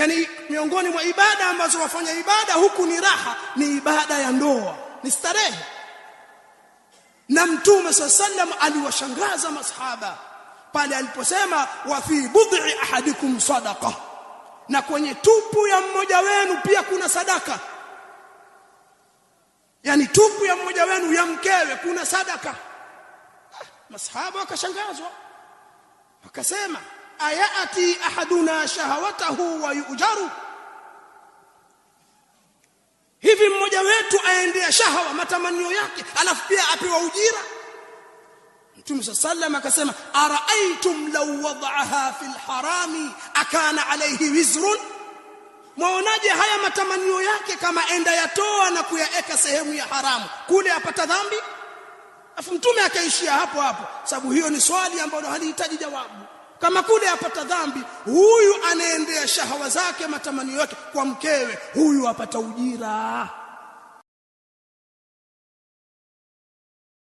yani miongoni mwa ibada ambazo wafanya ibada huku ni raha ni ibada ya ndoa ni starehe na mtume sallam aliwashangaza masahaba pale aliposema wa fi bud'i ahadikum sadaqa na kwenye tupu ya mmoja wenu pia kuna sadaka yani tupu ya mmoja wenu ya mkewe kuna sadaka ah, masahaba wakashangazwa wakasema ayati ahaduna shahawatahu wa yujaru hivi mmoja wetu aendea shahawa matamanio yake alafu pia apewa ujira Mtume sallam akasema araaitum law wada'aha fil harami akana alayhi wizrun mwaonaje haya matamanio yake kama enda yatoa na kuyaeka sehemu ya haramu kule apata dhambi afu mtume akaishia hapo hapo sababu hiyo ni swali ambalo halihitaji jawabu kama kule apata dhambi huyu anaendea shahawa zake matamanio yake kwa mkewe huyu apata ujira